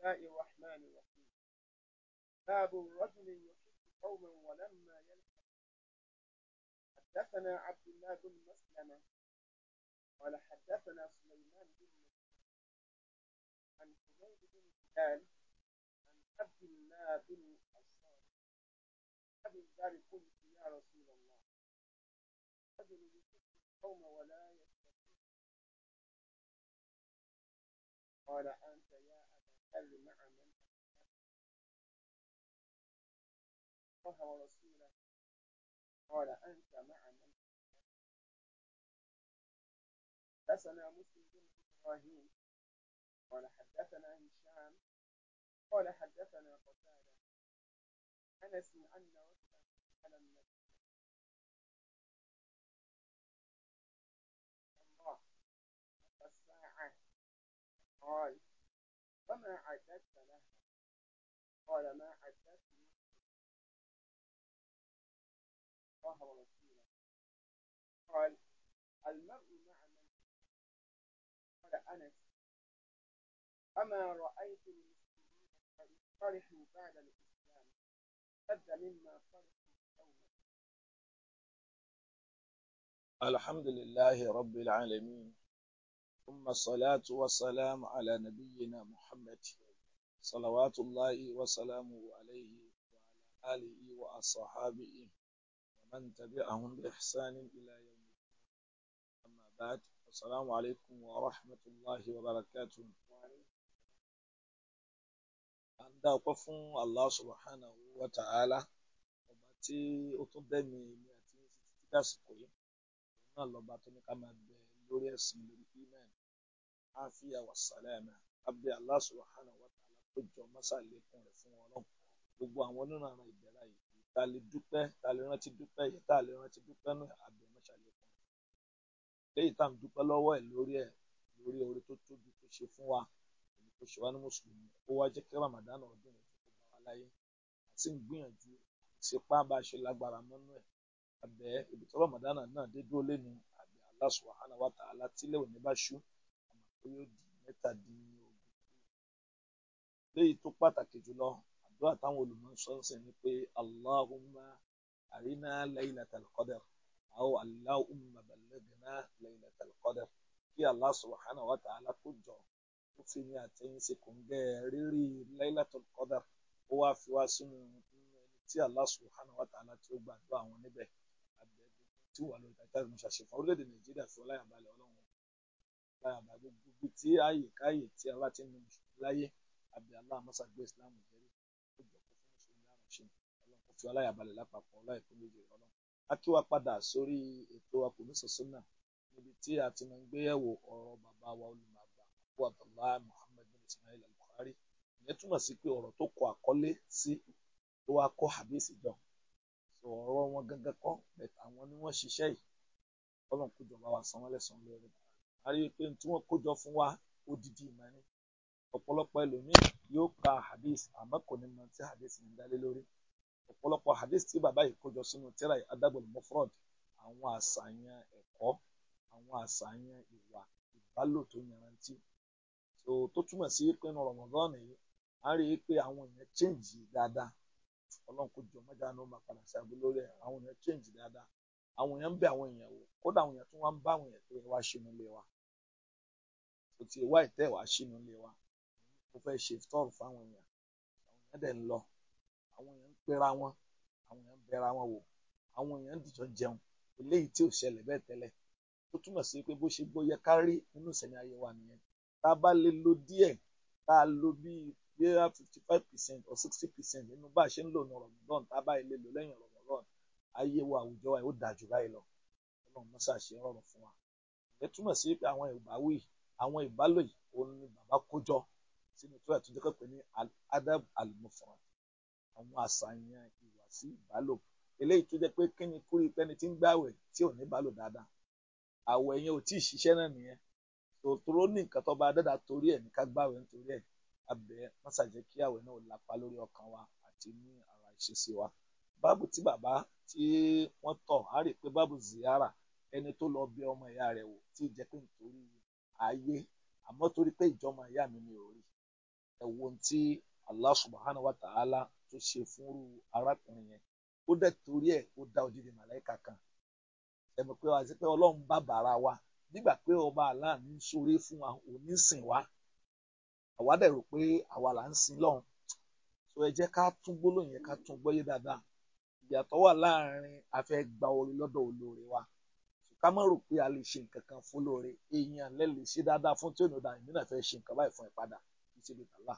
الله الرحمن الرحيم باب رجل يحب قوما ولما يلحق حدثنا عبد الله بن مسلمة قال حدثنا سليمان بن عن حميد بن هلال عن عبد الله بن الصالح أبي ذلك قلت يا رسول الله رجل يحب القوم ولا يستطيع قال أنا قال لي مع من الله ورسوله قال أنت مع من حدثنا مسلم بن إبراهيم قال حدثنا هشام قال حدثنا قتادة أنس أن رجلا على النبي الله الساعة قال وما عددت لها قال ما عددت الله ورسوله قال المرء مع من قال أنس أما رأيت المسلمين فرحوا بعد الإسلام اشد مما فرحوا يوما الحمد لله رب العالمين ثم الصلاة والسلام على نبينا محمد صلوات الله وسلامه عليه وعلى آله وأصحابه ومن تبعهم بإحسان إلى يوم الدين أما بعد السلام عليكم ورحمة الله وبركاته عند فن الله سبحانه وتعالى وباتي أتدمي مئتين ستة سكوين الله باتني tó ní ká الإيمان àáfíà wà sàlẹ́mà abdi Allah subhanahu wa ta'ala tó jọ mọ́sálẹ́kùn rẹ̀ fún ọlọ́run gbogbo àwọn nínú àwọn ìbẹ̀rẹ̀ yìí ta lè dúpẹ́ ta lè rántí dúpẹ́ yìí ta lè rántí dúpẹ́ náà abdi mọ́sálẹ́kùn léyìí tá à ń dúpẹ́ lọ́wọ́ ẹ̀ lórí ẹ̀ lórí oore tó tóbi tó ṣe fún wa èyí tó ṣe wá ní mùsùlùmí ó wá jẹ́ kí Ramadan ọdún yìí tó bá wa láyé àti ń gbìyànjú ìsepá bá a ṣe lágbára mọ́nú ẹ̀ àbẹ̀ ibi Ramadan náà dé lẹ́nu àbẹ̀ Allah subhanahu wa ta'ala òní bá ṣú pé yóò di mẹ́tàdínlógún léyìí tó pàtàkì jùlọ àdúrà táwọn olùmọ̀ọ́sọ ń sẹ́ ni pé allahumma arina laylatal qadr àwọn allahumma ballighna laylatal qadr kí allah subhanahu wa ta'ala kó jọ ó fi ní àtẹ̀yìn sí kòńgẹ́ rírí laylatal qadr ó wá fi wá sínú ẹni tí allah subhanahu wa ta'ala tí ó gbàdúrà àwọn níbẹ̀ àbẹ̀bẹ̀ tí wà lórí tàìtàìmù ṣàṣẹfà orílẹ̀-èdè nàìjíríà fi ọláyà balẹ̀ gbaraba gbogbo ibi tí ààyèkáàyè tí a bá ti ń mú mùsùlùmí láyé àbí allah masa gbé islam jẹrí ó jọ kó fún mùsùlùmí lára ṣe ọlọ́run kò fi ọláyàbalẹ̀ lápapọ̀ ọláìkú méjì ọlọ́run a kí wa padà sórí ètò akùnmísọsọnà níbi tí a ti máa ń gbéyẹ̀wò ọ̀rọ̀ bàbá wa olùmọ̀gbà abu abdullah muhammad bin ismail al-bukhari ìyẹn túmọ̀ sí pé ọ̀rọ̀ tó kọ àkọlé sí tó wá kọ hadisi jọ ọ̀rọ̀ wọn gangan kọ́ àwọn ni wọ́n ṣiṣẹ́ yìí ọlọ́run kó jọba wa san wọ́n lẹ́san lórí a rí i pé tí wọ́n kó jọ fún wa odidi ìmọ̀ ni ọ̀pọ̀lọpọ̀ ẹlòmíì yóò ka hadith àmọ́ kò ní mọ tí hadith ń dálé lórí ọ̀pọ̀lọpọ̀ hadith tí bàbá yìí kójọ sínú tírà yìí adágbọ̀n mufrod àwọn àṣàyàn ẹ̀kọ́ àwọn àṣàyàn ìwà ìbálò tó yanrantí so tó túmọ̀ sí pé ní Ramadan yìí a rí i pé àwọn èèyàn change dáadáa ọlọ́run kò jọ mọ́jà ní ó máa padà sí abúlé rẹ̀ àwọn èèyàn change dáadáa àwọn èèyàn ń bẹ àwọn èèyàn wò kódà àwọn èèyàn tún wá ń bá àwọn èèyàn pé wá sínú ilé wa kò tí ì wá ìtẹ́ wá sínú ilé wa mo fẹ́ ṣe tọ́ọ̀rù fáwọn èèyàn àwọn èèyàn dẹ̀ ń lọ àwọn èèyàn ń pera wọn àwọn èèyàn ń bẹra wọn wò àwọn èèyàn ń dìjọ jẹun eléyìí tí ò ṣẹlẹ̀ bẹ́ẹ̀ tẹ́lẹ̀ tó túmọ̀ sí pé bó ṣe gbó yẹ ká rí nínú ìsẹ̀mí ayé wa nìyẹn tá a bá lè lo díẹ̀ tá a lo bíi bíi fifty five percent or sixty percent nínú bá a ṣe ń lò ní a bá lè lò ọ̀rọ̀ ayé wa àwùjọ wa yóò dáa jù báyìí lọ ọlọ́run mọ́ ṣàṣe rọrùn fún wa ìyẹn túmọ̀ sí pé àwọn ìbáwí àwọn ìbálò yìí òun ni bàbá kójọ sínú tó yàtọ̀ jẹ́ pé ní adab al-mufrad àwọn àṣàyàn ìwàsí ìbálò eléyìí tó jẹ́ pé kíni kúrú pẹ́ni tí ń gbàwẹ̀ tí ò ní bálò dáadáa àwọ̀ ẹ̀yẹn ò tí ì ṣiṣẹ́ náà nìyẹn tòtòrò ní nǹkan tó bá dáadáa torí ẹ̀ ní ká gbàwẹ̀ nítorí ẹ̀ abẹ́ mọ́sàjẹ́ kí àwẹ̀ náà lápá lórí ọkàn wa àti ní ara ìṣesí wa báàbù tí bàbá tí wọ́n tọ̀ á rí i pé báàbù ziyara ẹni tó lọ bí ọmọ ìyá rẹ̀ wò tí ì pé nítorí ayé àmọ́ torí pé ìjọmọ ìyá mi mi ò rí tí Allah subhanahu wa ta'ala tó ṣe fúnrú arákùnrin yẹn ó dẹ̀ torí ẹ̀ ó dá odidi màláìka kan ẹ̀mọ̀ pé wàá sí pé ọlọ́run bá bàrà wa nígbà pé ọba Allah ń fún wa òní sìn wa àwa dẹ̀ rò pé àwa là ń sin lọ́hùn so ẹ jẹ́ ká tún gbólóhùn ká tún gbọ́yé dáadáa ìyàtọ̀ wà láàrin a gba oore lọ́dọ̀ olóore wa ká má rò pé a lè ṣe nǹkan kan fún lóore èèyàn lẹ lè ṣe dáadáa fún tí ònàdà èmi náà fẹ́ ṣe nǹkan báyìí fún ẹ títí lè tàlà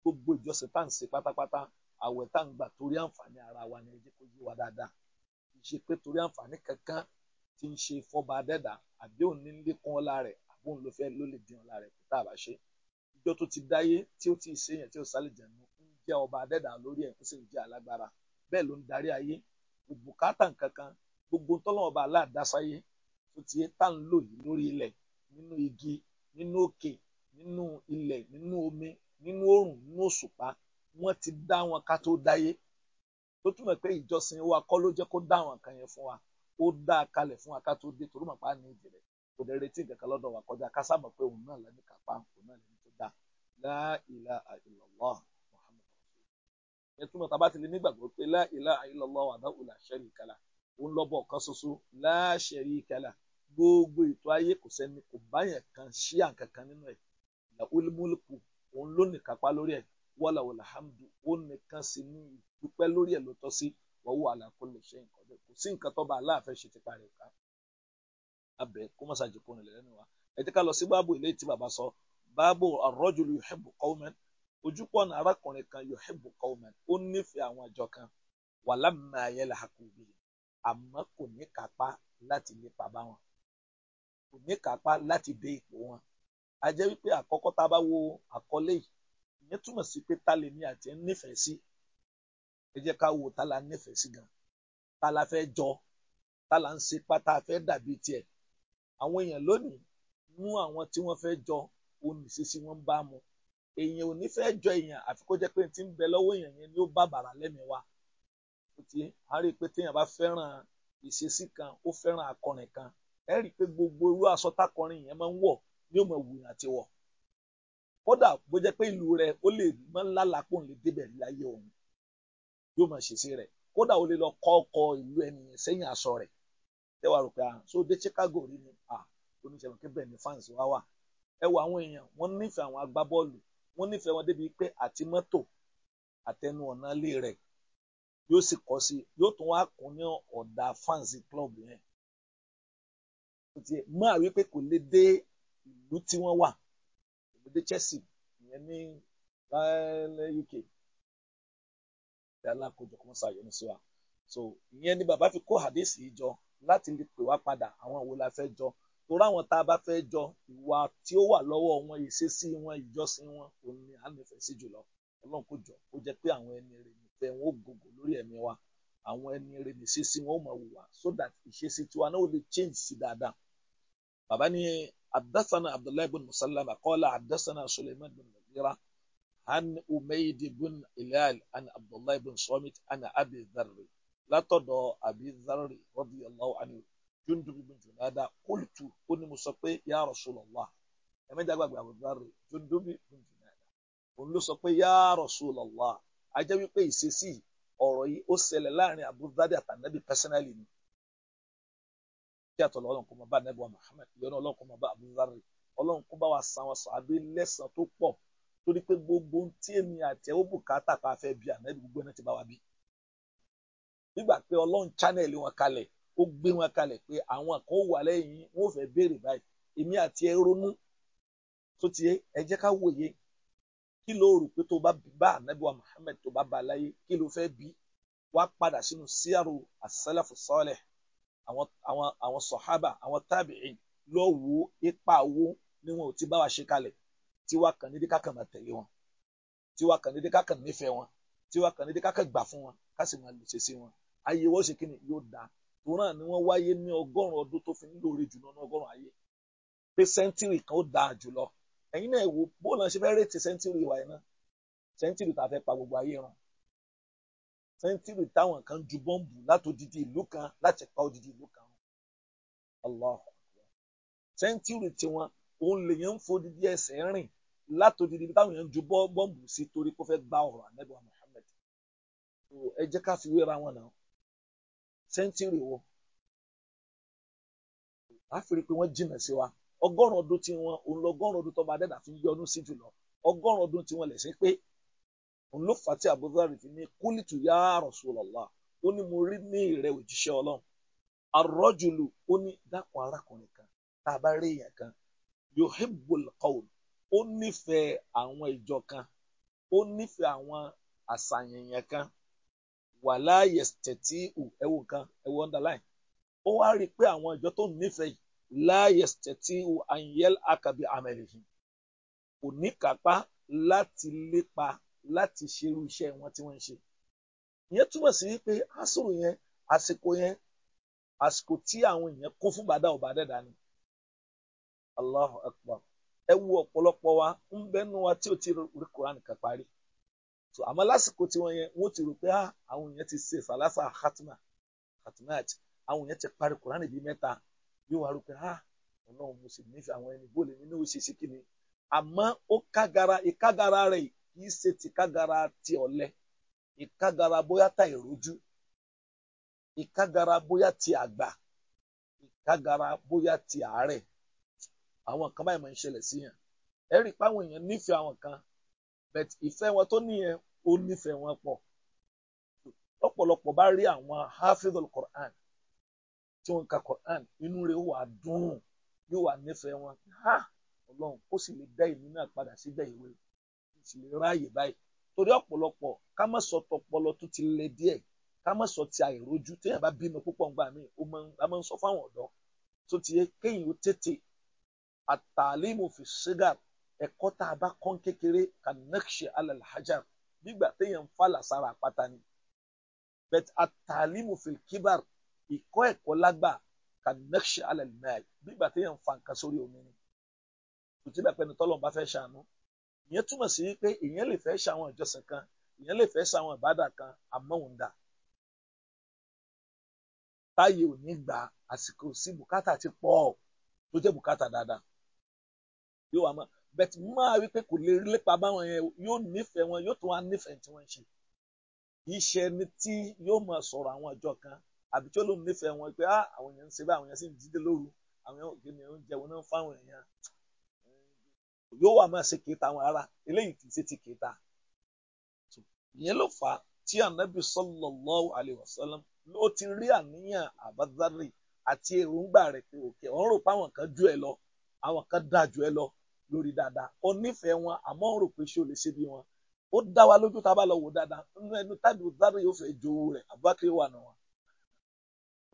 gbogbo ìjọsìn tá à ń ṣe pátápátá àwẹ̀ tá à ń gbà torí àǹfààní ara wa ni ẹ jẹ́ kó yé wa dáadáa kì í ṣe pé torí àǹfààní kankan tí ń ṣe fọba adẹ́dà àbí òun ní lékún ọlá rẹ̀ àbóun ló fẹ́ ló lè dín ọlá rẹ̀ kó tá a bá ṣe ìjọ tó ti dáyé tí ó ti ṣèyàn tí ó sálẹ̀ jẹ̀nu ń jẹ́ ọba adẹ́dà lórí ẹ̀ ó sì ń jẹ́ alágbára bẹ́ẹ̀ ló ń darí ayé kò bùkátà kankan gbogbo tọ́lọ́wọ́n bá aláàdásáyé tó ti tá ń lò yìí lórí ilẹ̀ nínú igi nínú òkè nínú ilẹ̀ nínú omi nínú oòrùn nínú òṣùpá wọ́n ti dá wọn ká tó dáyé tó túmọ̀ pé ìjọsìn wa kọ́ ló jẹ́ kó dá àwọn nǹkan yẹn fún wa ó dá a kalẹ̀ fún wa ká tó dé torí mọ̀ pa ní ìjìnlẹ̀ kò dẹ̀ retí nǹkan kan lọ́dọ̀ wa kọjá ká sábà pé òun náà lẹ́nu kápá òun náà lẹ́nu tó dá la ilaha ẹ túmọ̀ tá a bá ti lè nígbàgbọ́ pé la ilaha illallah wahdahu la sharika lah òun lọ́bọ̀ kan ṣoṣo la sharika lah gbogbo ètò ayé kò sẹ́ni kò báyẹn kan ṣí àǹkankan nínú ẹ̀ lahul mulku òun ló ní kápá lórí ẹ̀ wala wala hamdu ó nìkan sí ní ìdúpẹ́ lórí ẹ̀ ló tọ́ sí wa huwa ala kulli shay'in kò sí nǹkan tó aláàfẹ́ ṣe ti parí ká abẹ kó má ṣàjẹkùn rẹ̀ lẹ́nu wa ẹ ojúpọ̀nà arákùnrin kan yuhibbu qawman ó nífẹ̀ẹ́ àwọn àjọ kan walamma yalhaqu bihim àmọ́ kò ní kápá láti lépa bá wọn kò ní kápá láti dé ipò wọn a jẹ́ wípé àkọ́kọ́ tá a bá wo àkọlé yìí ìyẹn túmọ̀ sí pé ta lèmi àti ẹ̀ nífẹ̀ẹ́ sí ẹ jẹ́ ká wo ta la nífẹ̀ẹ́ sí gan ta la fẹ́ jọ ta la ń ṣe pátá fẹ́ dàbí tiẹ̀ àwọn èèyàn lónìí mú àwọn tí wọ́n fẹ́ jọ òun wọn bá mu èèyàn ò ní fẹ́ jọ èèyàn àfi kó jẹ́ pé ti ń bẹ lọ́wọ́ èèyàn yẹn ni ó bá bàrà lẹ́mìí wa tí a rí i pé téèyàn bá fẹ́ràn ìṣesí kan ó fẹ́ràn akọrin kan ẹ rí i pé gbogbo irú aṣọ takọrin yẹn máa ń wọ̀ ni ó máa wù yàn àti wọ̀ kódà bó jẹ́ pé ìlú rẹ̀ ó lè máa ń lálàpọ̀ lè débẹ̀ láyé òun yóò máa ṣèṣe rẹ̀ kódà ó lè lọ kọ́ ọkọ ìlú ẹni yẹn sẹ́yìn aṣọ rẹ̀ tẹ́wàá rò pé à ah, so dé Chicago rí ni à oníṣẹ́ lókè bẹ́ẹ̀ ni fans wá wà ẹ wo àwọn èèyàn wọ́n nífẹ̀ẹ́ àwọn agbábọ́ọ̀lù wọ́n nífẹ̀ẹ́ wọn débi pé àti mọ́tò àtẹnu ọ̀nà ilé rẹ̀ yóò sì kọ́ sí yóò tún wá kún ní ọ̀dà fans club yẹn máa wí pé kò lè dé ìlú tí wọ́n wà kò lè dé Chelsea ìyẹn ní eh, UK ìdálá kojọ kó wọ́n ṣàyẹ̀wò sí wa so ìyẹn ni bàbá fi kó hadith yìí jọ láti lè pè wá padà àwọn wo la fẹ́ jọ torí tá a bá fẹ́ jọ ìwà tí ó wà lọ́wọ́ wọn ìṣesí wọn ìjọsìn wọn òun ni à ń nífẹ̀ẹ́ sí jùlọ ọlọ́run kò jọ kó jẹ́ pé àwọn ẹni rẹ̀ nífẹ̀ẹ́ wọn ó gògò lórí ẹ̀mí wa àwọn ẹni rẹ̀ níṣesí wọn ó mọ̀ wùwà so that ìṣesí tiwa náà ó lè change sí dáadáa bàbá ni adásánà abdullahi bin musalama kọ́lá adásánà suleiman bin mugira Han umaydi bin ilal an abdullahi bin somit an abi dharri látọ̀dọ̀ abi dharri radiyallahu anhu jundub bin junada qultu ó ní mo sọ pé ya Rasulullah ẹ mẹ́jà gbàgbé àbúdárì jundub bin junada òun ló sọ pé ya Rasulullah a wípé ìṣesí ọ̀rọ̀ yìí ó ṣẹlẹ̀ láàrin àtànẹ́bí pẹ́sẹ́nálì ni kí àtọ̀ lọ́wọ́ ọlọ́nkọ́ máa bá nẹ́bí wa Muhammad ìyọ́nà máa bá bá gbogbo tí èmi àti bùkátà pa bí gbogbo ti bá ó gbé wọn kalẹ̀ pé àwọn kan ó wà lẹ́yìn wọn ò fẹ́ béèrè báyìí èmi àti ẹ ronú tó ti ẹ jẹ́ ká wòye kí ló rò pé tó bá bá anabi wa Muhammad tó bá bá láyé kí ló fẹ́ bí wá padà sínú síyàrò as-salafu salih àwọn àwọn àwọn sọ̀hábà àwọn tábìín lọ wo ipa wo ni wọn ò ti bá wa ṣe kalẹ̀ tí wàá kàn ní díkà kàn máa tẹ̀lé wọn tí wàá kàn ní díkà nífẹ̀ẹ́ wọn tí wàá kàn ní díkà gbà fún wọn ká sì máa lùsẹ̀ sí wọn ayé wọ́n ṣe kí ni yóò dáa quran ni wọ́n wáyé ní ọgọ́rùn ọdún tó fi nílò rè jùlọ ní ọgọ́rùn ayé pé sẹ́ńtírì kan ó dáa jùlọ ẹ̀yin náà wò bó lọ́n ṣe fẹ́ rètí sẹ́ńtírì wa iná sẹ́ńtírì tá a fẹ́ pa gbogbo ayé run sẹ́ńtírì táwọn kan ju bọ́ǹbù látòdìdí ìlú kan láti pa òdìdí ìlú kan Allah sẹ́ńtírì tiwọn òun lèyàn ń fodidi ẹsẹ̀ rìn látòdìdí táwọn èèyàn ju bọ́ǹbù sí torí kó fẹ́ gba ọ̀rọ̀ ànẹ́bí wa Muhammad ẹ jẹ́ ká fi wéra wọn náà sẹ́ńtírì wo á fi rí i pé wọ́n jìnà sí wa ọgọ́rùn ọdún tí wọn òun lọ ọgọ́rùn ọdún tọ́ba adẹ́dà fi yọ́nú sí jùlọ ọgọ́rùn ọdún tí wọn lè ṣe pé òun ló fà á tí abudulayi fi ní kúlìtù yá Rasulullah ó ní mo rí ní ìrẹ òjíṣẹ́ Ọlọ́run arọ́jùlù ó ní dákun arákùnrin kan tá a bá rí èèyàn kan yuhibbul qawm ó nífẹ̀ẹ́ àwọn ìjọ kan ó nífẹ̀ẹ́ àwọn àṣàyàn kan wàhálà yẹ̀sítẹ̀tì ẹ̀wò nǹkan ẹ̀wò underline ó wá rí i pé àwọn ìjọ tó nífẹ̀ẹ́ yìí láyẹ̀sítẹ̀tì àyẹ̀l àkàbí àmẹ̀lẹ̀hìn kò ní kápá láti lépa láti ṣerú iṣẹ́ wọn tí wọ́n ń ṣe ìyẹn túmọ̀ sí wípé àsìkò yẹn àsìkò yẹn àsìkò tí àwọn èèyàn kún fún bàdá ọba dẹ́dà ni Allahu ẹ wo ọ̀pọ̀lọpọ̀ wa ń bẹ́nu wa tí ó ti rí Kùránì kan parí so àmọ́ lásìkò tí wọ́n yẹn wọ́n ti rò pé ah, àwọn èèyàn ti ṣe sàlásà khatima khatimat àwọn èèyàn ti parí Kùránì bíi mẹ́ta yóò wá rò pé ah, ọlọ́run mo sì nífẹ̀ẹ́ àwọn ẹni bóòlù mi náà ṣe ṣe ni àmọ́ ó kágara ìkágara rẹ̀ kì í ṣe ti kágara ti ọ̀lẹ ìkágara bóyá ta ìrójú ìkágara bóyá ti àgbà ìkágara bóyá ti àárẹ̀ àwọn kan báyìí máa ń ṣẹlẹ̀ sí yàn ẹ rí èèyàn nífẹ̀ẹ́ àwọn kan but ìfẹ́ wọn tó nìyẹn ó nífẹ̀ẹ́ wọn pọ̀ lọ́pọ̀lọpọ̀ bá rí àwọn hafidul Qur'an tí wọ́n ka Qur'an inú rẹ̀ wà dùn yóò wà nífẹ̀ẹ́ wọn ha Ọlọ́run ó sì lè dá ìlú náà padà síbẹ̀ ìwé ó sì lè ráàyè báyìí torí ọ̀pọ̀lọpọ̀ ká má sọ tọpọlọ tó ti le díẹ̀ ká má sọ ti àìrójú téèyàn bá bímọ púpọ̀ ńgbà míì ó máa ń sọ fáwọn ọ̀dọ́ tó ti yẹ kéèyàn ó tètè àtàlímù fi ṣígà ẹ̀kọ́ tá a bá kọ́ kékeré kanakṣe alalhajar nígbà téèyàn ń fàlà sára àpáta ni bet atalimu fil kibar ìkọ́ ẹ̀kọ́ lágbà kanakṣe alalmal nígbà téèyàn ń fa nǹkan sórí omi ni kò tí bàpẹ́ni tọ́lọ́n bá fẹ́ ṣàánú ìyẹn túmọ̀ sí pé ìyẹn lè fẹ́ ṣàwọn ìjọsìn kan ìyẹn lè fẹ́ ṣàwọn ìbádà kan àmọ́hùndà táyé ò ní gbà àsìkò sí bùkátà ti pọ̀ tó jẹ́ bùkátà dáadáa yóò wá máa bẹ́ẹ̀ tí máa rí pé kò lè rí lépa báwọn yẹn yóò nífẹ̀ẹ́ wọn yóò tún wá nífẹ̀ẹ́ tí wọ́n ń ṣe iṣẹ́ ni tí yóò máa sọ̀rọ̀ àwọn ọjọ́ kan àbí tí ó lóun nífẹ̀ẹ́ wọn pé ah, àwọn èèyàn ń ṣe bá àwọn èèyàn sì ń dídé lóru àwọn èèyàn òkè ni wọn náà ń fáwọn èèyàn yóò wà máa ṣe kéta àwọn ará eléyìí kì í ṣe ti kéta ìyẹn ló fà tí anabi sallallahu alayhi wa sallam ló ti rí àníyàn àbádárì àti èròǹgbà rẹ̀ pé òkè ọ̀rùn pa àwọn kan jù ẹ lọ àwọn kan dáa jù ẹ lọ lórí dáadáa ó nífẹ̀ẹ́ wọn àmọ́ ó rò pé ṣé o lè ṣe bí wọn ó dá wa lójú tá a bá lọ wò dáadáa nínú ẹnu tábì dábì yóò fẹ́ jowó rẹ̀ abubakar wà nù wọn.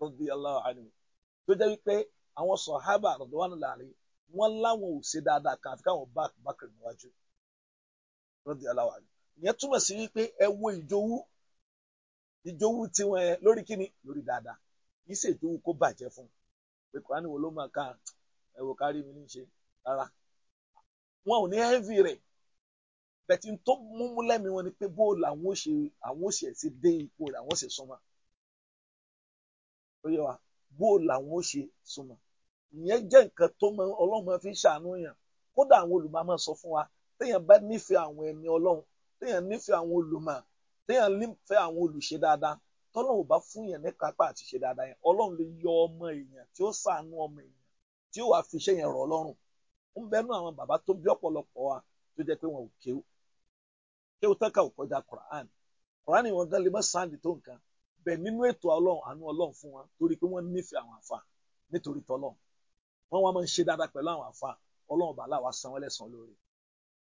radiyallahu anhu tó jẹ́ wípé àwọn sọ̀hábà rọ̀dọ̀wánú làárín wọn láwọn ò ṣe dáadáa kan àfi káwọn bá abubakar níwájú. radiyallahu anhu ìyẹn túmọ̀ sí wípé ẹ wo ìjowú ìjowú tiwọn yẹn lórí kíni lórí dáadáa kì í ṣèjowú kó wọn ò ní heavy rẹ̀ bẹ̀tí tó múmú lẹ́mi wọn ni pé bó làwọn ò ṣe àwọn ò ṣe ẹ̀sìn dé ipò rẹ̀ àwọn ò ṣe súnmọ́ ó yẹ wa bó làwọn ò ṣe súnmọ́ ìyẹn jẹ́ nǹkan tó mọ ọlọ́run fi ń ṣàánú yàn kódà àwọn olùmọ̀ máa sọ fún wa téèyàn bá nífẹ̀ẹ́ àwọn ẹni ọlọ́run téèyàn nífẹ̀ẹ́ àwọn olùmọ̀ téèyàn nífẹ̀ẹ́ àwọn olùṣe dáadáa tọ́lọ́run bá fún yàn ní kápá àti ṣe dáadáa yẹn ọlọ́run lè yọ ọmọ èèyàn tí ó ṣàánú ọmọ èèyàn tí ó wàá fi iṣẹ́ yẹn rọ̀ ọlọ́run ń bẹnu àwọn bàbá tó bí ọ̀pọ̀lọpọ̀ wa tó jẹ́ pé wọn ò kéwú kéwú tán ká ò kọjá Quran Quran wọn gan lè mọ sáǹdì tó nǹkan bẹ́ẹ̀ nínú ètò Ọlọ́run àánú Ọlọ́run fún wọn torí pé wọ́n nífẹ̀ẹ́ àwọn àfa nítorí tọlọ́run wọ́n wá máa ń ṣe dáadáa pẹ̀lú àwọn àfa Ọlọ́run bàálà wa san wọ́n lẹ́san lórí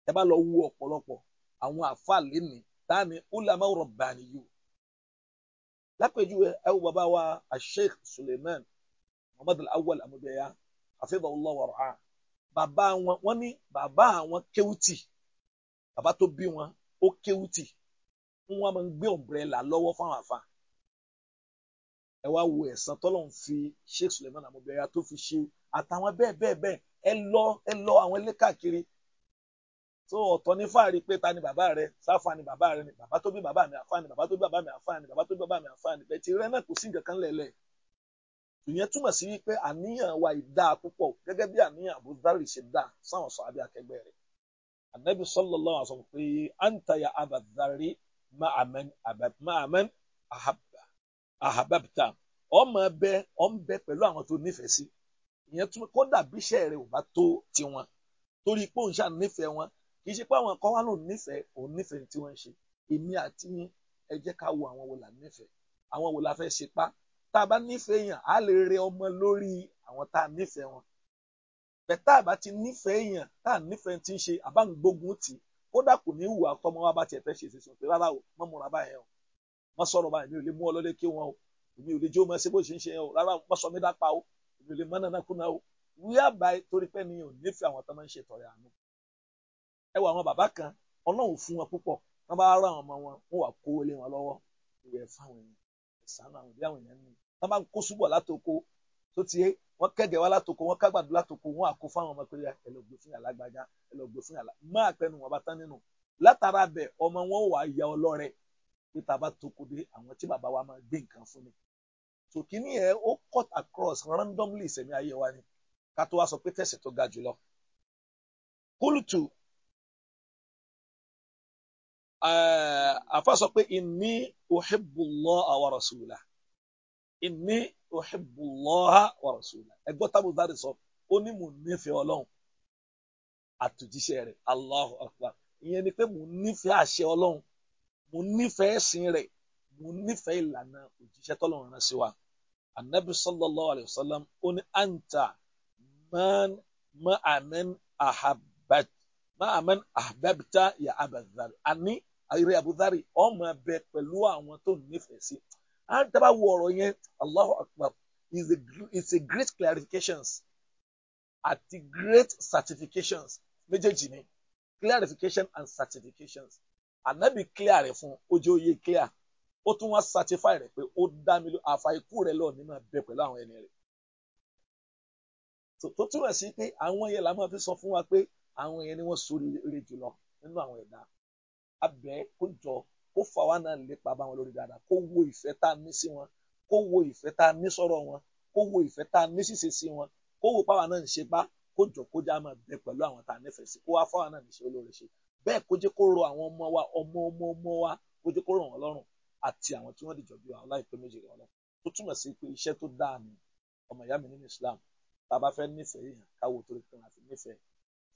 ẹ bá lọ wú ọ̀pọ̀lọpọ̀ àwọn àfa lẹ́nìí táàmì ulama rabbaniyu lápèjúwe ẹ wo bàbá wa Sheikh Suleiman Muhammad Al-Awwal Amúdẹ́yà hafidhahullah wa ra'ah bàbá wọn wọ́n ní bàbá àwọn kéwùtì bàbá tó bí wọn ó kéwùtì wọ́n máa ń gbé ọ̀mbrẹ́là lọ́wọ́ fáwọn àfa ẹ wá wo ẹ̀sán tọ́lọ́run fi Sheikh Suleiman amobẹ̀rẹ̀ tó fi ṣe àtàwọn bẹ́ẹ̀ bẹ́ẹ̀ bẹ́ẹ̀ ẹ lọ ẹ lọ àwọn ilé káàkiri tó ọ̀tọ̀ ní fáàrí pé ta ni bàbá rẹ sáfà ni bàbá rẹ ni bàbá tó bí bàbá mi àfà ni bàbá tó bí bàbá mi àfà ni bàbá tó bí bàbá mi àfà ni bẹ́ẹ̀ ti rẹ náà kò sí nǹkan kan lẹ̀lẹ́ẹ̀ ìyẹn túmọ̀ sí wípé àníyàn wa ìdáa púpọ̀ gẹ́gẹ́ bí àníyàn Abu Dharr ṣe dáa sáwọn sàhábì akẹgbẹ́ rẹ̀ anabi sallallahu alaihi wasallam pé anta ya Aba Dharr ma'a man ahabbta ọmọ ẹbẹ ọmọbẹ pẹ̀lú àwọn tó nífẹ̀ẹ́ sí ìyẹn túmọ̀ kódà bíṣẹ́ rẹ̀ ò bá tó tiwọn torí pé òun ṣáà nífẹ̀ẹ́ wọn kì í ṣe pé àwọn kan wà lóun nífẹ̀ẹ́ òun nífẹ̀ẹ́ tí wọ́n ń ṣe èmi àti yín ẹ jẹ́ ká wo àwọn wo là nífẹ̀ẹ́ àwọn wo la fẹ́ ṣe pa tá a bá nífẹ̀ẹ́ èèyàn á lè rẹ ọmọ lórí àwọn tá a nífẹ̀ẹ́ wọn bẹ́ẹ̀ tá a bá ti nífẹ̀ẹ́ èèyàn tá a nífẹ̀ẹ́ ti ń ṣe àbá ń gbógun tì í kódà kò ní hùwà tọmọ wa bá tiẹ̀ fẹ́ ṣe ìṣẹ̀sùn pé rárá o mọ́ múra báyẹn o mọ́ sọ̀rọ̀ báyẹn mi ò lè mú ọ lọ́lé kí wọn o èmi ò lè jó máa ṣe bó ṣe ń ṣe o rárá mọ́ sọ mí dápa o èmi ò lè mọ́ nana kúnna o wíyá báyìí torí pé ni ò nífẹ̀ẹ́ àwọn tó máa ń ṣe tọrẹ àánú. ẹ wọ àwọn bàbá kan ọlọ́run fún wọn púpọ̀ wọ́n bá rán àwọn ọmọ wọn wọ́n wà kó lé wọn lọ́wọ́ ìwẹ̀ fáwọn èèyàn ìsànú àwọn ìdí àwọn èèyàn nìyí wọ́n máa ń kó súbọ̀ látoko tó ti yé wọ́n kẹ́gẹ̀ẹ́ wá látoko wọ́n kágbàdo látoko wọ́n àkó fáwọn ọmọ pé ẹ lọ gbé fún alágbájá ẹ lọ gbé fún alágbájá máa pẹnu wọn bá tán nínú látara bẹ ọmọ wọn wà á ya ọlọ́rẹ pé tá a bá toko dé àwọn tí bàbá wa máa gbé nǹkan fún mi tòkíní ẹ ó cut across randomly ìsẹ̀mí ayé wa ni ká tó wá sọ pé tẹ̀sí tó ga jùlọ. kúlùtù eh, àfa sọ pé inni uhibbu Allah wa rasulahu inni uhibbullaha wa rasulahu ẹgbọ́n tábù bá rẹ̀ sọ ó ní mò ń nífẹ̀ẹ́ ọlọ́run àtòjíṣẹ́ rẹ̀ Allahu akbar ìyẹn ni pé mò ń nífẹ̀ẹ́ àṣẹ ọlọ́run mò ń nífẹ̀ẹ́ ẹ̀sìn rẹ̀ mò ń nífẹ̀ẹ́ ìlànà òjíṣẹ́ tọ́lọ́run rán sí wa anabi sallallahu alayhi wa sallam ó ní anta man ma amen ahabat ma amen ahababta ya abadari àní ayẹyẹ abudari ọmọ ẹbẹ pẹ̀lú àwọn tó nífẹ̀ẹ́ sí á dábàá wo ọ̀rọ̀ yẹn Allahu Akbar is a is a great clarifications àti great certifications méjèèjì ni clarification and certifications ànábì clear rẹ̀ fún ojú oyè clear ó tún wá certify rẹ̀ pé ó dá mi lọ àfa ikú rẹ̀ lọ nínú abẹ pẹ̀lú àwọn ẹni rẹ̀ tó túmọ̀ sí pé àwọn yẹn la fi sọ fún wa pé àwọn yẹn ni wọ́n sórí rere jùlọ nínú àwọn ẹ̀dá abẹ́ kó jọ kó fà wá náà lépa bá wọn lórí dáadáa kó wo ìfẹ́ tá a ní sí wọn kó wo ìfẹ́ tá a ní sọ̀rọ̀ wọn kó wo ìfẹ́ tá a ní ṣìṣe sí wọn kó wo páwa náà ń ṣe bá kó jọ kó já máa bẹ pẹ̀lú àwọn tá a nífẹ̀ẹ́ sí kó wá fáwa náà níṣẹ́ olóore ṣe bẹ́ẹ̀ kó jẹ́ kó rọ àwọn ọmọ wa ọmọ ọmọ ọmọ wa kó jẹ́ kó rọ̀ wọ́n lọ́rùn àti àwọn tí wọ́n dìjọ bí wa láìpé méjì rẹ̀ ọlọ́run tó túmọ̀ sí pé iṣẹ́ tó dáa ni Islam tá a bá fẹ́ nífẹ̀ẹ́ èèyàn káwọ́ torí kan àti nífẹ̀ẹ́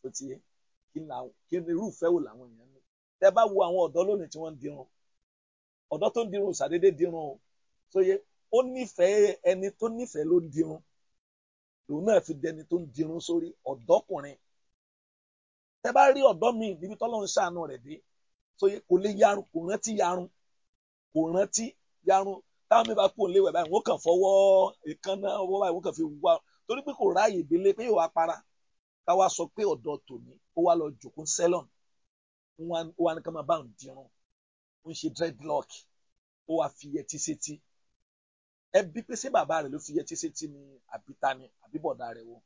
tó ti kí ni tẹ bá wo àwọn ọ̀dọ́ lónìí tí wọ́n ń dirun ọ̀dọ́ tó ń dirun ṣàdédé dirun o sóye ó nífẹ̀ẹ́ ẹni tó nífẹ̀ẹ́ ló ń dirun lòun náà fi dẹni tó ń dirun sórí ọ̀dọ́kùnrin tẹ bá rí ọ̀dọ́ míì níbi tọ́lọ́run ṣàánú rẹ̀ dé sóye kò lè yarun kò rántí yarun kò rántí yarun táwọn mi bá kú òun léwẹ̀ báyìí wọ́n kàn fọwọ́ èékánná ọwọ́ báyìí wọ́n kàn fi wá torí pé kò ráàyè délé pé yóò wá para káwa sọ pé ọ̀dọ́ tòní ó wá lọ jòkó sẹ́lọ̀n wa ní ká máa bá òun dirun ń ṣe dreadlock ó wàá fi yẹtí sétí ẹbí pé ṣé bàbá rẹ̀ ló fi yẹtí sétí ni àbíta ni àbíbọ̀dá rẹ̀ wo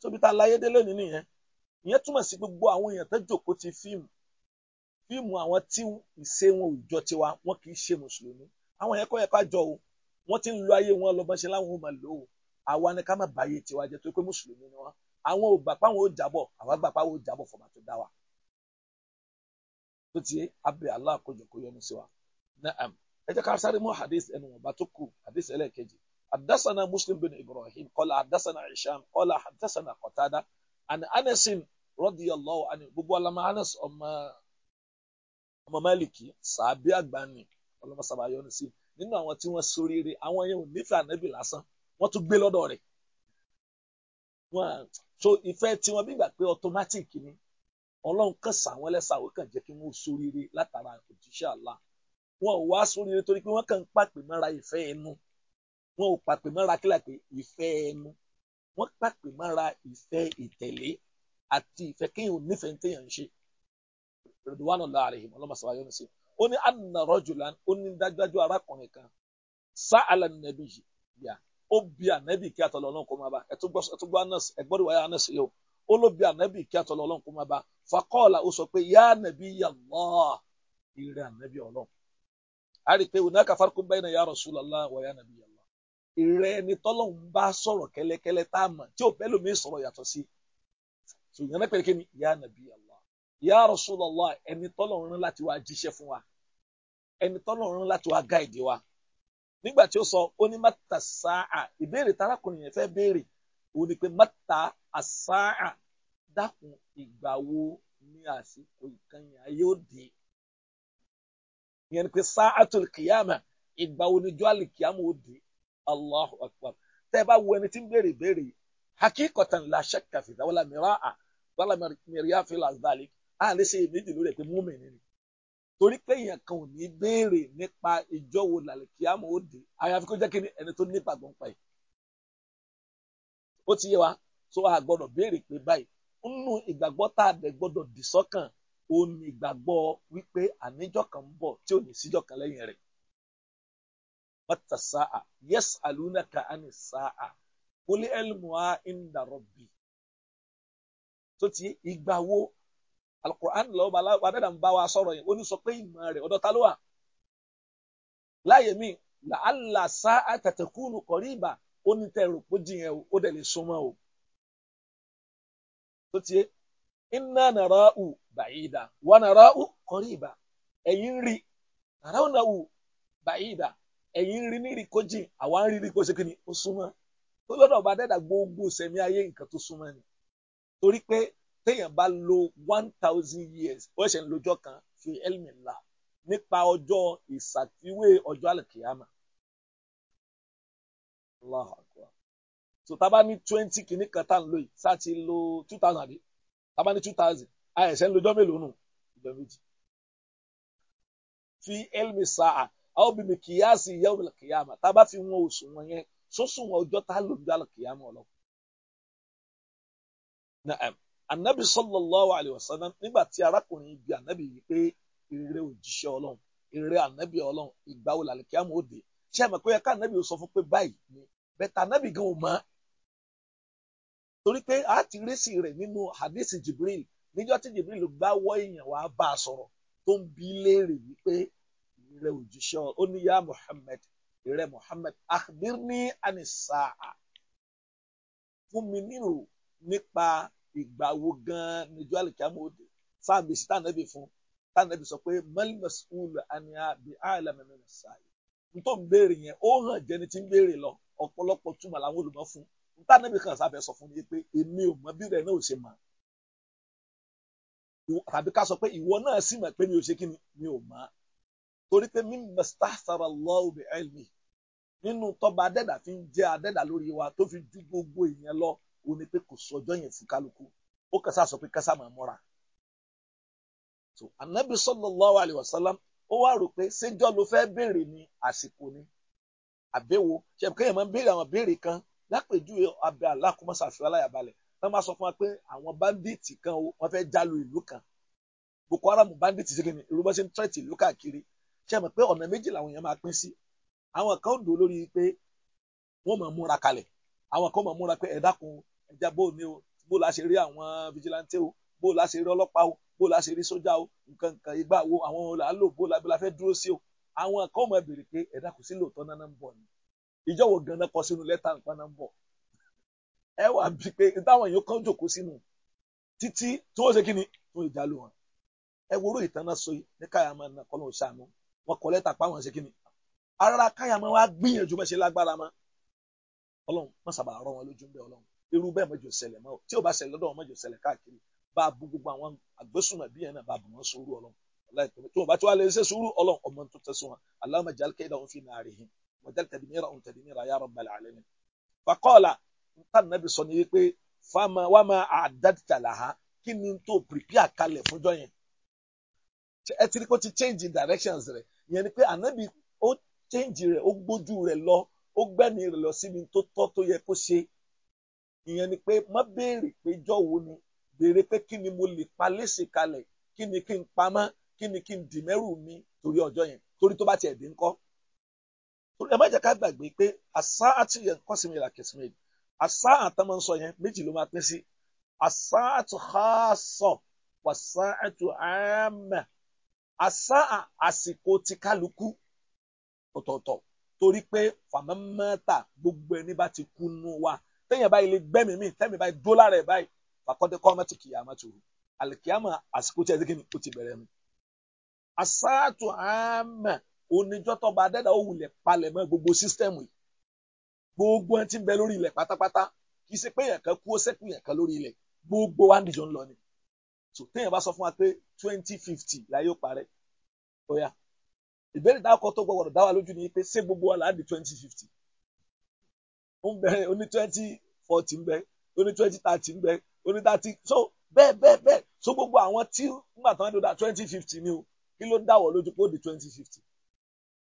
tóbi ta láyédé lónìí nìyẹn ìyẹn túmọ̀ sí gbogbo àwọn èèyàn tó jòkó ti fíìmù fíìmù àwọn tí ìṣe wọn ò jọ tiwa wọn kì í ṣe mùsùlùmí àwọn yẹn kọ́ yẹ ká jọ o wọ́n ti ń lo ayé wọn lọ́gbọ́n ṣe láwọn ò lò ó àwa ni ká má bàyè tiwa jẹ́ tó pé mùsùlùmí ni wọ́n àwọn ò gbà páwọn ò jábọ̀ àwa gbà páwọn ò jábọ̀ fọ̀mà tó dá wa tó abẹ Allah kó jọ̀ọ́ kó yọ́nú sí wa na'am ẹ jẹ́ ká sáré mọ́ hadith ẹnu wọn bá tó kù hadith ẹlẹ́ẹ̀kejì adasana muslim bin ibrahim kọ́lá adasana isham kọ́lá adasana qatada and anasin radiyallahu anhu gbogbo alama anas ọmọ ọmọ maliki sàbí àgbàni ọlọmọ sábà yọ́nú sí nínú àwọn tí wọ́n ṣoríire àwọn yẹn ò nífẹ̀ẹ́ ànábì lásán wọ́n tún gbé lọ́dọ̀ rẹ̀ wọ́n so ìfẹ́ tiwọn bí gbà pé automatic ni ọlọ́run kàn sá wọn lẹ́sà ó kàn jẹ́ kí wọ́n sóríire látara òjíṣẹ́ àlá wọn ò wá sóríire torí pé wọ́n kàn ń pàpè mọ́ra ìfẹ́ ẹnu wọn ò pàpè mọ́ra kílà pé ìfẹ́ ẹnu wọ́n pàpè mọ́ra ìfẹ́ ìtẹ̀lé àti ìfẹ́ kéèyàn ò nífẹ̀ẹ́ téèyàn ń ṣe rẹ̀dùwánù láàrin ìmọ̀ ọlọ́mọ sọ̀rọ̀ ayọ́nu sí ó ní ànà rọ́jùlá ó ní dájúdájú arákùnrin kan sá àlà nàbì yìí yìí ó ló bi ànábì kí atọ́lọ́ ọlọ́run kó máa bá fakọ́ọ̀là ó sọ pé yá ànábì yàlláà ìrẹ ànábì ọlọ́run a rí i pé onáka farikun bẹ́ẹ̀ náà yà Rasulullah wà yà ànábì yàlláà ìrẹ ẹni tọ́lọ́run bá sọ̀rọ̀ kẹ́lẹ́kẹ́lẹ́ tá a mọ̀ tí ò bẹ́ẹ̀ lómi sọ̀rọ̀ yàtọ̀ sí ṣùgbọ́n náà pẹ̀lú kí ni yà ànábì yà Rasulullah òun ni pé mẹ́ta àsáà dákun ìgbà wo ní àsìkò ìkànnì ayé òde ìyẹn ni pé sáàtò kìyàmà ìgbà wo ni jọ́àlì kìyàmà òde Allahu akbar tẹ́ ẹ bá wo ẹni tí ń béèrè béèrè hakikatan la shakka fi wala miraa wala mìíràn fi la zalik a lè ṣe ìbejì lórí ẹ̀ pé mùmínì ni torí pé èèyàn kan ò ní béèrè nípa ìjọ wo làlìkìyàmà òde àyàfi kó jẹ́ kí ẹni tó ní ìgbàgbọ́ ń pa yìí ó ti yé wa tó a gbọ́dọ̀ béèrè pé báyìí nínú ìgbàgbọ́ tá a dẹ̀ gbọ́dọ̀ dì sọ́kàn òun ni ìgbàgbọ́ wípé àníjọ́ kan ń bọ̀ tí ò ní síjọ́ kan lẹ́yìn rẹ̀. bàtà sáà yẹs àlùnàkà àní sáà kólé ẹlmùá ìndà rọ̀bì. tó ti ìgbà wo alukur'an lọ́wọ́ bá wa dẹ́dà ń bá wa sọ̀rọ̀ yẹn ó ní sọ pé ìmọ̀ rẹ̀ ọ̀dọ̀ ta ló wà. láyé mi làálà sáà tàtẹ̀kùnù kọ̀rí ìbà ó ní tẹ́ rò pé o ó dẹ̀ lè súnmọ́ o tó tiẹ́ iná nàrá ù bàyídà wà nàrá ù kọrí ìbà ẹ̀yin rí nàrá ù nà ù bàyídà ẹ̀yin ń rí ní ìrìkọ́jì àwa ń rí ó súnmọ́ lọ́dọ̀ gbogbo ayé nǹkan tó ni torí pé téèyàn bá lo one thousand years ó ṣẹ̀ kan fi elmi la nípa ọjọ́ ìṣàfiwé ọjọ́ àlùkìyàmà Allahu Akbar so tá a bá ní twenty kìíní kan tá à ń lò bá ní a lo fi elmi sa'a àwọn ọ kìíyàsí ìyá òbí kìíyàmà kiyama a bá fi wọn oṣù wọn nye sọ́sùn wọn ọjọ́ ta a lò ní kiyama anabi sallallahu alayhi wa sallam bi anabi anabi ya ka anabi bayi. bẹ́tà nábì gan ò mọ́ torí pé a ti rẹ́sì rẹ̀ nínú hadisi Jibril níjọ́ tí Jibril bá wọ́ èèyàn wá bá a sọ̀rọ̀ tó ń bi léèrè wípé ìrẹ́ òjíṣẹ́ ó ní yá Muhammad ìrẹ́ Muhammad akhbirni anisaa fún mi nírò nípa ìgbà wo gan-an níjọ́ àlìkámọ́ òde fáàmì sí tànàbì fún tànàbì sọ pé malimus ania bi alamina sáyé nítorí béèrè yẹn ó hàn jẹni tí ń béèrè lọ ọ̀pọ̀lọpọ̀ túmọ̀ làwọn olùmọ̀ fún un tá níbi kan sábẹ́ sọ fún mi pé èmi ò mọ bí rẹ̀ náà ò ṣe mọ̀ tàbí ká sọ pé ìwọ náà sì mọ̀ pé mi ò ṣe kí ni mi ò mọ̀ torí pé mi mẹ́sítà sára lọ́wọ́ bí ẹ̀mí nínú tọ́ba adẹ́dà fi ń jẹ́ adẹ́dà lórí wa tó fi ju gbogbo ìyẹn lọ ó ní pé kò sọjọ́ yẹn fún kálukú ó kẹsà sọ pé kẹsà máa múra so anabi sallallahu alaihi wasallam ó wá rò pé ṣéjọ́ ló fẹ́ béèrè ni àsìkò ni àbẹ̀wò ṣe kéèyàn máa ń béèrè àwọn béèrè kan lápèjúwe abẹ́ alákòmọ́sàfì aláyàbalẹ̀ wọ́n máa sọ fún wa pé àwọn báńdíìtì kan wọ́n fẹ́ jálu ìlú kan Boko Haram báńdíìtì sí kìíní irú bá ṣe ń tẹ́tì ìlú káàkiri ṣe mọ̀ pé ọ̀nà méjì làwọn èèyàn máa pín sí àwọn kan ń dùn lórí pé wọ́n máa múra kalẹ̀ àwọn kan máa múra pé ẹ dákun ẹja bó ni o bó la ṣe rí àwọn vigilante o bó la ṣe rí ọlọ́pàá o bó la ṣe rí sójà o nǹkan nǹkan ìgbà wo àwọn làálò bó la fẹ́ dúró sí o àwọn kan ọmọ ẹbìrì pé ẹ̀dá kò sí lóòótọ́ náà ń bọ̀ ni ìjọ wo gan-an kọ sínú lẹ́tà nǹkan náà ń bọ̀ ẹ wà bí pé táwọn èèyàn kan jòkó sínú títí tí wọ́n ṣe kí ni ẹ wo so yìí ní kọ́ ṣàánú wọn kọ lẹ́tà pa wọn ṣe kí ni ara káyàmá wa gbìyànjú bẹ́ẹ̀ ṣe lágbára mọ́ ọlọ́run má sábà rọ wọn lójú bẹ́ẹ̀ ọlọ́run irú bẹ́ẹ̀ mọ́jọ mọ́ gbogbo àwọn náà bá ala wọ́n bá tún wá lè ṣe sùúrù ọlọ́run ọmọ tó Allahumma ja'al kaydahum fi na'rihim wa ja'al tadbirahum tadmira ya rabbal alamin. faqala nta nàbì sọ ni wípé fama wa ma a'dadta laha kini to prepare kalẹ̀ fúnjọ́ ti ti change directions ni change ìyẹn ni pé má béèrè pé ni béèrè pé kí ni kí n dì mẹ́rù mi torí ọjọ́ yẹn torí tó bá tiẹ̀ dé ńkọ́ torí ẹ má jẹ́ ká gbàgbé pé àṣà àti yẹn kọ́ sí mi là kẹsì mi àṣà àtàmọ́ ń sọ yẹn méjì ló máa pín sí àṣà àti xaasọ wàṣà àti àmà àṣà àsìkò ti kálukú ọ̀tọ̀ọ̀tọ̀ torí pé fàmọ́mọ́ta gbogbo ẹni bá ti kú nù wa téèyàn báyìí lè gbẹ́mí mi tẹ́mi báyìí dó lára ẹ̀ báyìí fàkọ́dé kọ́mọ́tì kìyàmá tòru àlìkìyàmá àsìkò tí ẹ ni ó ti asáàtù àmà oníjọ́ tọba adẹ́dà ó wulẹ̀ palẹ̀ mọ́ gbogbo sísítẹ́mù yìí gbogbo ẹni tí ń bẹ lórí ilẹ̀ pátápátá kì í ṣe pé èèyàn kan kú ó sẹ́kù èèyàn kan lórí ilẹ̀ gbogbo wa nìjọ ń lọ ni so téèyàn bá sọ fún wa pé twenty fifty la yóò parẹ́ oya yá ìbéèrè dákọ̀ tó gbọ́dọ̀ dá wa lójú ni pé ṣé gbogbo wa là á di twenty fifty ó ń bẹ oní twenty forty ń bẹ oní twenty thirty ń bẹ oní thirty so bẹ́ẹ̀ bẹ́ẹ̀ bẹ́ẹ̀ so gbogbo àwọn tí nígbà tí wọ́n dọ̀dà twenty fifty ni o kí ló dá wọ́ lójú pé ó di twenty fifty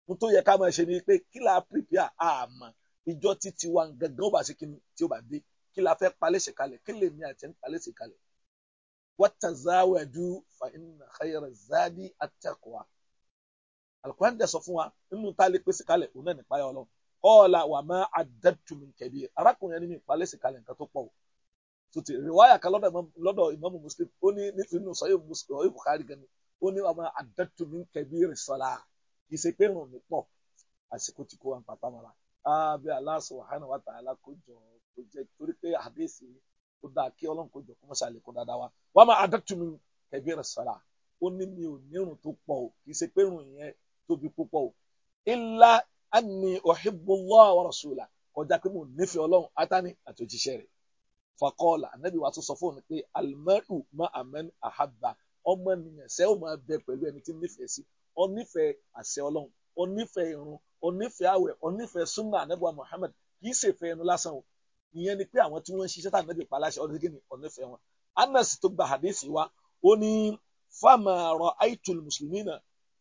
mo tó yẹ ká máa ṣe ni pé kí la prepare àmọ́ ìjọ títí wa gangan ó bá ṣe kíni tí ó bá dé kí la fẹ́ palẹ̀ ṣe kalẹ̀ kí lèmi àti ẹni palẹ̀ ṣe kalẹ̀ watazawadu fa inna khayra zadi attaqwa alukuran dẹ sọ fún wa nínú tá a lè pèsè kalẹ̀ òun náà nípa Ọlọ́run kọ́ọ̀la wà má adadtu min arákùnrin ẹni mi palẹ̀ ṣe kalẹ̀ nǹkan tó pọ̀ o tòtì kan lọ́dọ̀ ìmọ̀mù Muslim ó ní nínú sọ́yìn Bukhari gan ni ó ní ọmọ àdẹ́tùmí kẹbíìrì sọlá kì í ṣe pé rùn mí pọ̀ àsìkò tí kò wà ń papá mọ́ra àbí Allah subhanahu wa ta'ala kò jọ kò jẹ torí pé àdéhìsì ó dáa kí ọlọ́run kò kó mọ̀ ṣàlékò dáadáa wa wọ́n máa àdẹ́tùmí kẹbíìrì sọlá ó ní mi ò ní rùn tó pọ̀ o kì í yẹn tóbi púpọ̀ o illa anni uhibbullah wa rasulahu wa tún sọ fóun pé almaru ma aman ahabba ọmọ ènìyàn ṣẹ́ ò máa bẹ pẹ̀lú ẹni tí ń nífẹ̀ẹ́ sí ọ nífẹ̀ẹ́ àṣẹ ọlọ́run ọ nífẹ̀ẹ́ irun ọ nífẹ̀ẹ́ àwẹ̀ ọ nífẹ̀ẹ́ sunna anabiwa muhammad kì í ṣèfẹ́ ẹnu lásán o ìyẹn ni pé àwọn tí wọ́n ń ṣiṣẹ́ tàbí nàbì paláṣẹ ọdún gíní ọ nífẹ̀ẹ́ wọn anas tó gba hadisi wa ó ní fama ra'aytul muslimina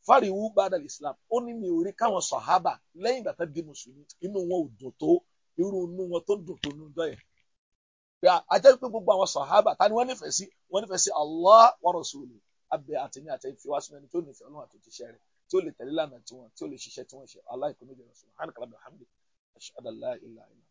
fariwu bada islam ó ní mi ò rí káwọn sọ̀hábà lẹ́yìn ìgbà tó di mùsùlùmí inú wọn ò dùn tó irú inú wọn tó dùn tó nù dọ́yẹ̀ ajẹ́ pé gbogbo àwọn sàhábà ta ni wọ́n nífẹ̀ẹ́ sí wọ́n nífẹ̀ẹ́ sí Allah wa rasuluhu abẹ àtẹ̀mí àtẹ̀yìn fi wá sínú ẹni tó nífẹ̀ẹ́ ọlọ́run àti òjíṣẹ́ rẹ̀ tí ó lè tẹ̀lé lánàá tiwọn tí ó lè ṣiṣẹ́ tí wọ́n ṣe aláìkúnú jẹ́ subhanaka rabbil hamdi ashhadu an la ilaha illa